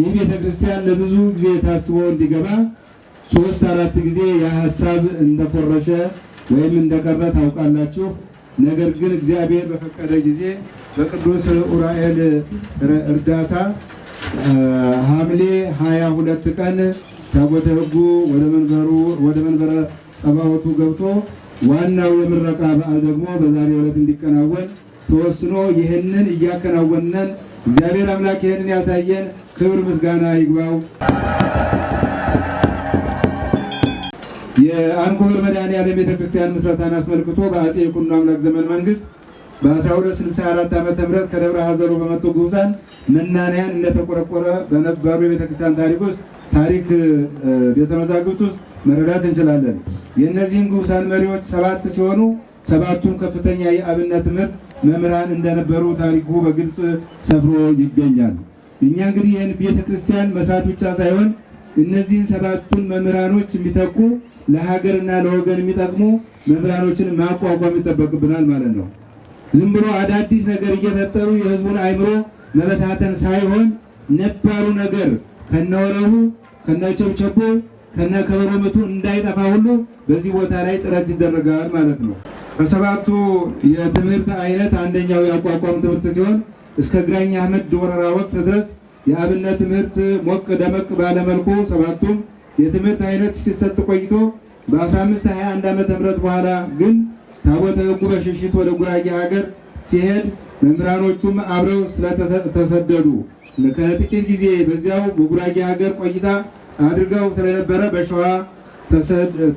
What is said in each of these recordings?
ይህ ቤተ ክርስቲያን ለብዙ ጊዜ ታስቦ እንዲገባ ሶስት አራት ጊዜ የሀሳብ እንደፈረሸ እንደፎረሸ ወይም እንደቀረ ታውቃላችሁ። ነገር ግን እግዚአብሔር በፈቀደ ጊዜ በቅዱስ ኡራኤል እርዳታ ሐምሌ ሀያ ሁለት ቀን ታቦተ ሕጉ ወደ መንበረ ጸባወቱ ገብቶ ዋናው የምረቃ በዓል ደግሞ በዛሬ ዕለት እንዲከናወን ተወስኖ ይህንን እያከናወንን እግዚአብሔር አምላክ ይህንን ያሳየን ክብር ምስጋና ይግባው። የአንኮበር መድኃኔዓለም ቤተክርስቲያን ምስረታን አስመልክቶ በአፄ ይኩኖ አምላክ ዘመን መንግስት በ1264 ዓ ም ከደብረ ሐዘሮ በመጡ ግዑዛን መናንያን እንደተቆረቆረ በነበሩ የቤተክርስቲያን ታሪክ ውስጥ ታሪክ ቤተመዛግብት ውስጥ መረዳት እንችላለን። የእነዚህን ግዑዛን መሪዎች ሰባት ሲሆኑ ሰባቱም ከፍተኛ የአብነት ትምህርት መምህራን እንደነበሩ ታሪኩ በግልጽ ሰፍሮ ይገኛል። እኛ እንግዲህ ይህን ቤተ ክርስቲያን መስራት ብቻ ሳይሆን እነዚህን ሰባቱን መምህራኖች የሚተኩ ለሀገርና ለወገን የሚጠቅሙ መምህራኖችን ማቋቋም ይጠበቅብናል ማለት ነው። ዝም ብሎ አዳዲስ ነገር እየፈጠሩ የህዝቡን አይምሮ መበታተን ሳይሆን ነባሩ ነገር ከነወረቡ ከነቸብቸቦ ከነ ከበሮ እንዳይጠፋ ሁሉ በዚህ ቦታ ላይ ጥረት ይደረጋል ማለት ነው። ከሰባቱ የትምህርት አይነት አንደኛው የአቋቋም ትምህርት ሲሆን እስከ ግራኝ አህመድ ወረራ ወቅት ድረስ የአብነት ትምህርት ሞቅ ደመቅ ባለመልኩ ሰባቱም የትምህርት አይነት ሲሰጥ ቆይቶ በ1521 ምህረት በኋላ ግን ታቦተ ሕጉ በሽሽት ወደ ጉራጌ ሀገር ሲሄድ መምህራኖቹም አብረው ስለተሰደዱ ከጥቂት ጊዜ በዚያው በጉራጌ ሀገር ቆይታ አድርገው ስለነበረ በሸዋ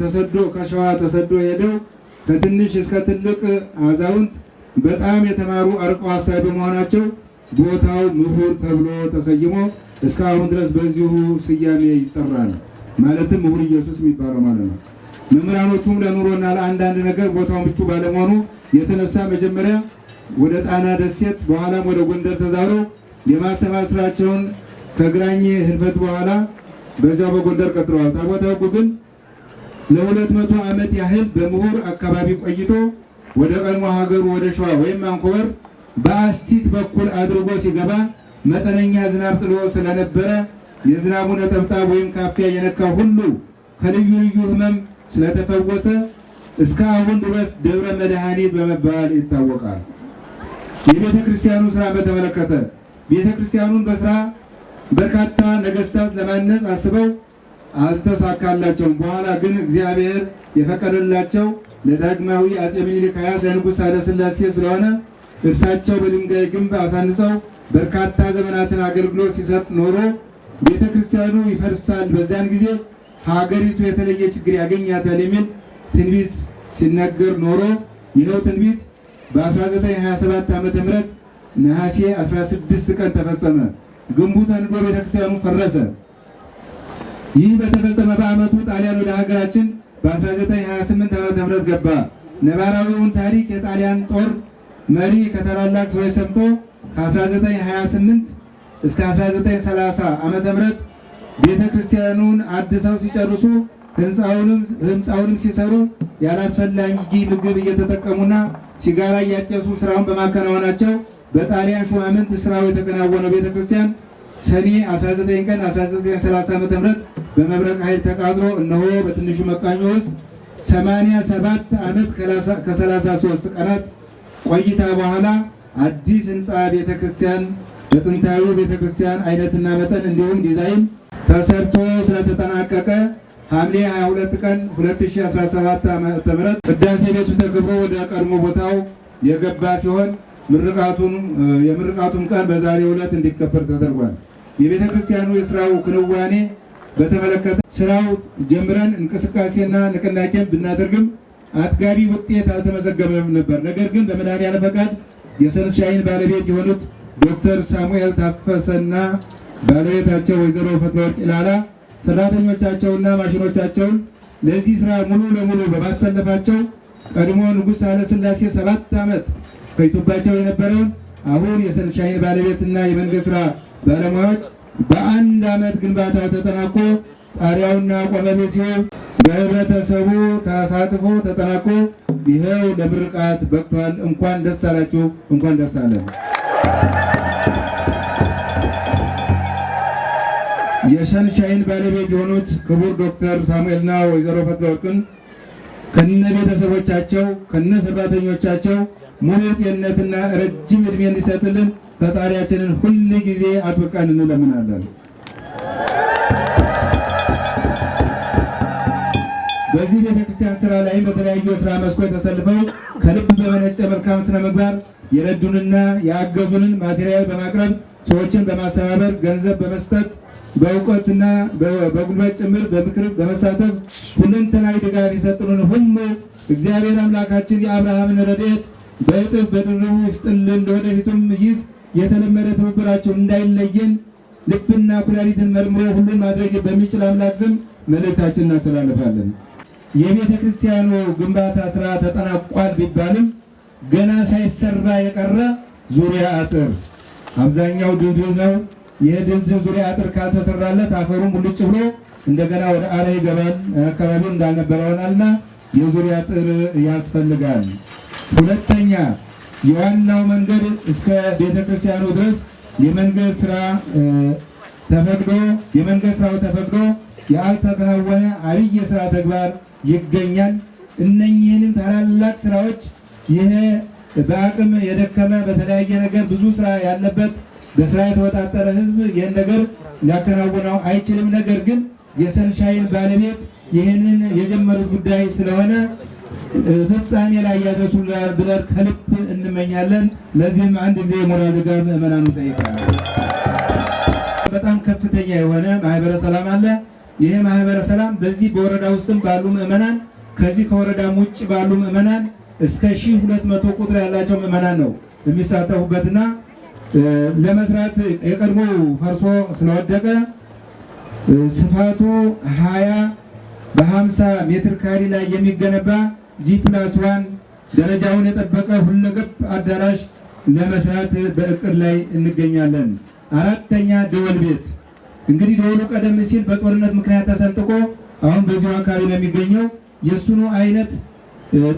ተሰዶ ከሸዋ ተሰዶ ሄደው ከትንሽ እስከ ትልቅ አዛውንት በጣም የተማሩ አርቆ አስተዋይ በመሆናቸው ቦታው ምሁር ተብሎ ተሰይሞ እስካሁን ድረስ በዚሁ ስያሜ ይጠራል። ማለትም ምሁር ኢየሱስ የሚባለው ማለት ነው። መምህራኖቹም ለኑሮና ለአንዳንድ ነገር ቦታው ምቹ ባለመሆኑ የተነሳ መጀመሪያ ወደ ጣና ደሴት በኋላም ወደ ጎንደር ተዛውረው የማስተማር ስራቸውን ከግራኝ ህልፈት በኋላ በዚያው በጎንደር ቀጥለዋል። ታቦተ ሕጉ ግን ለሁለት መቶ ዓመት ያህል በምሁር አካባቢ ቆይቶ ወደ ቀድሞ ሀገሩ ወደ ሸዋ ወይም አንኮበር በአስቲት በኩል አድርጎ ሲገባ መጠነኛ ዝናብ ጥሎ ስለነበረ የዝናቡ ነጠብጣብ ወይም ካፊያ የነካው ሁሉ ከልዩ ልዩ ህመም ስለተፈወሰ እስከ አሁን ድረስ ደብረ መድኃኒት በመባል ይታወቃል። የቤተ ክርስቲያኑ ስራ በተመለከተ ቤተ ክርስቲያኑን በስራ በርካታ ነገስታት ለማነጽ አስበው አልተሳካላቸውም። በኋላ ግን እግዚአብሔር የፈቀደላቸው ለዳግማዊ አጼ ምኒልክ አያት ለንጉሥ ኃይለሥላሴ ስለሆነ እርሳቸው በድንጋይ ግንብ አሳንሰው በርካታ ዘመናትን አገልግሎት ሲሰጥ ኖሮ ቤተ ክርስቲያኑ ይፈርሳል፣ በዚያን ጊዜ ሀገሪቱ የተለየ ችግር ያገኛታል የሚል ትንቢት ሲነገር ኖሮ ይኸው ትንቢት በ1927 ዓ.ም ነሐሴ 16 ቀን ተፈጸመ። ግንቡ ተንዶ ቤተክርስቲያኑ ፈረሰ። ይህ በተፈጸመ በዓመቱ ጣሊያን ወደ ሀገራችን በ1928 ዓ ም ገባ። ነባራዊውን ታሪክ የጣሊያን ጦር መሪ ከታላላቅ ሰዎች ሰምቶ ከ1928 እስከ 1930 ዓ ም ቤተ ክርስቲያኑን አድሰው ሲጨርሱ ህንፃውንም ሲሰሩ ያላስፈላጊ ምግብ እየተጠቀሙና ሲጋራ እያጨሱ ስራውን በማከናወናቸው በጣሊያን ሹማምንት ስራው የተከናወነው ቤተ ክርስቲያን ሰኔ 19 ቀን 1930 ዓ ም በመብረቅ ኃይል ተቃጥሎ እነሆ በትንሹ መቃኞ ውስጥ 87 ሰባት ዓመት ከሰላሳ ሶስት ቀናት ቆይታ በኋላ አዲስ ህንፃ ቤተክርስቲያን በጥንታዊ ቤተክርስቲያን አይነትና መጠን እንዲሁም ዲዛይን ተሰርቶ ስለተጠናቀቀ ሐምሌ 22 ቀን 2017 ም ቅዳሴ ቤቱ ተከብሮ ወደ ቀድሞ ቦታው የገባ ሲሆን የምርቃቱም ቀን በዛሬው ዕለት እንዲከበር ተደርጓል። የቤተክርስቲያኑ የሥራው ክንዋኔ በተመለከተ ስራው ጀምረን እንቅስቃሴና ንቅናቄን ብናደርግም አጥጋቢ ውጤት አልተመዘገበም ነበር። ነገር ግን በመድኃኒዓለም ፈቃድ የሰንሻይን ባለቤት የሆኑት ዶክተር ሳሙኤል ታፈሰና ባለቤታቸው ወይዘሮ ፈትለወርቅ ኢላላ ሰራተኞቻቸውና ማሽኖቻቸውን ለዚህ ስራ ሙሉ ለሙሉ በማሰለፋቸው ቀድሞ ንጉሥ አለስላሴ ሰባት ዓመት ፈጅቶባቸው የነበረውን አሁን የሰንሻይን ባለቤትና የመንገድ ስራ ባለሙያዎች በአንድ ዓመት ግንባታ ተጠናቆ ጣሪያውና ቆመቤሲው በህብረተሰቡ ተሳትፎ ተጠናቆ ይኸው ለምርቃት በቅቷል። እንኳን ደስ አላችሁ፣ እንኳን ደስ አለ። የሸንሻይን ባለቤት የሆኑት ክቡር ዶክተር ሳሙኤልና ወይዘሮ ፈትለወርቅን ከነ ቤተሰቦቻቸው ከነ ሰራተኞቻቸው ሙሉ ጤንነትና ረጅም እድሜ እንዲሰጥልን ፈጣሪያችንን ሁል ጊዜ አጥብቀን እንለምናለን። በዚህ ቤተክርስቲያን ስራ ላይም በተለያዩ የስራ መስኮች ተሰልፈው ከልብ በመነጨ መልካም ስነ ምግባር የረዱንና ያገዙንን ማቴሪያል በማቅረብ ሰዎችን በማስተባበር ገንዘብ በመስጠት በእውቀትና በጉልበት ጭምር በምክር በመሳተፍ ሁለንተናዊ ድጋፍ የሰጡንን ሁሉ እግዚአብሔር አምላካችን የአብርሃምን ረድኤት በእጥፍ በድርቡ ይስጥልን። ለወደፊቱም ይህ የተለመደ ትብብራቸው እንዳይለየን ልብና ኩላሊትን መርምሮ ሁሉን ማድረግ በሚችል አምላክ ስም መልእክታችን እናስተላልፋለን። የቤተ ክርስቲያኑ ግንባታ ስራ ተጠናቋል ቢባልም ገና ሳይሰራ የቀረ ዙሪያ አጥር አብዛኛው ድልድል ነው። የድልድይ ዙሪያ አጥር ካልተሰራለት አፈሩም ሙልጭ ብሎ እንደገና ወደ አራይ ይገባል። አካባቢው እንዳልነበረ ይሆናልና የዙሪያ አጥር ያስፈልጋል። ሁለተኛ የዋናው መንገድ እስከ ቤተ ክርስቲያኑ ድረስ የመንገድ ስራ ተፈቅዶ የመንገድ ስራው ተፈቅዶ ያልተከናወነ አብይ የስራ ተግባር ይገኛል። እነኚህንም ታላላቅ ስራዎች ይሄ በአቅም የደከመ በተለያየ ነገር ብዙ ስራ ያለበት በስራ የተወጣጠረ ህዝብ ይህን ነገር ሊያከናውነው አይችልም። ነገር ግን የሰንሻይን ባለቤት ይህንን የጀመሩት ጉዳይ ስለሆነ ፍጻሜ ላይ ያደርሱላል ብለን ከልብ እንመኛለን። ለዚህም አንድ ጊዜ የሞራል ድጋፍ ምዕመናኑ ጠይቀናል። በጣም ከፍተኛ የሆነ ማህበረ ሰላም አለ። ይሄ ማህበረ ሰላም በዚህ በወረዳ ውስጥም ባሉ ምዕመናን ከዚህ ከወረዳም ውጭ ባሉ ምዕመናን እስከ ሺህ ሁለት መቶ ቁጥር ያላቸው ምዕመናን ነው የሚሳተፉበትና ለመስራት የቀድሞ ፈርሶ ስለወደቀ ስፋቱ ሀያ በሀምሳ ሜትር ካሪ ላይ የሚገነባ ጂፕላስ ዋን ደረጃውን የጠበቀ ሁለገብ አዳራሽ ለመስራት በእቅድ ላይ እንገኛለን። አራተኛ ደወል ቤት እንግዲህ ደወሉ ቀደም ሲል በጦርነት ምክንያት ተሰንጥቆ አሁን በዚሁ አካባቢ ነው የሚገኘው። የእሱኑ አይነት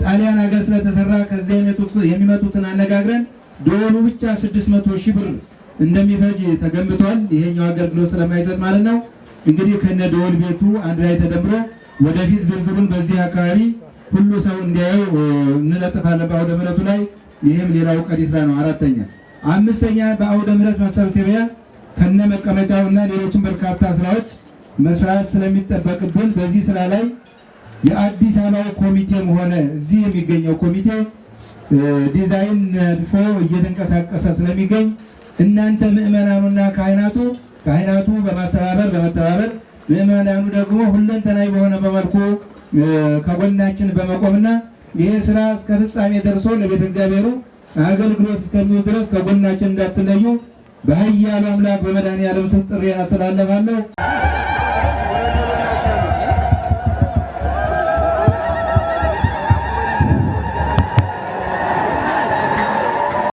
ጣሊያን ሀገር ስለተሰራ ከዚያ የሚመጡትን አነጋግረን ደወሉ ብቻ ስድስት መቶ ሺህ ብር እንደሚፈጅ ተገምቷል። ይሄኛው አገልግሎት ስለማይሰጥ ማለት ነው። እንግዲህ ከነ ደወል ቤቱ አንድ ላይ ተደምሮ ወደፊት ዝርዝሩን በዚህ አካባቢ ሁሉ ሰው እንዲያየው እንለጥፋለን በአውደ ምሕረቱ ላይ። ይህም ሌላው ቀሪ ስራ ነው። አራተኛ አምስተኛ በአውደ ምሕረት መሰብሰቢያ ከነ መቀመጫው እና ሌሎችን በርካታ ስራዎች መስራት ስለሚጠበቅብን በዚህ ስራ ላይ የአዲስ አበባው ኮሚቴም ሆነ እዚህ የሚገኘው ኮሚቴ ዲዛይን ነድፎ እየተንቀሳቀሰ ስለሚገኝ እናንተ ምዕመናኑና ካህናቱ ካህናቱ በማስተባበር በመተባበር ምእመናኑ ደግሞ ሁለንተናዊ በሆነ በመልኩ ከጎናችን በመቆምና ይህ ስራ እስከ ፍጻሜ ደርሶ ለቤተ እግዚአብሔሩ አገልግሎት እስከሚውል ድረስ ከጎናችን እንዳትለዩ በኃያሉ አምላክ በመድኃኔዓለም ስም ጥሪ አስተላለፋለሁ።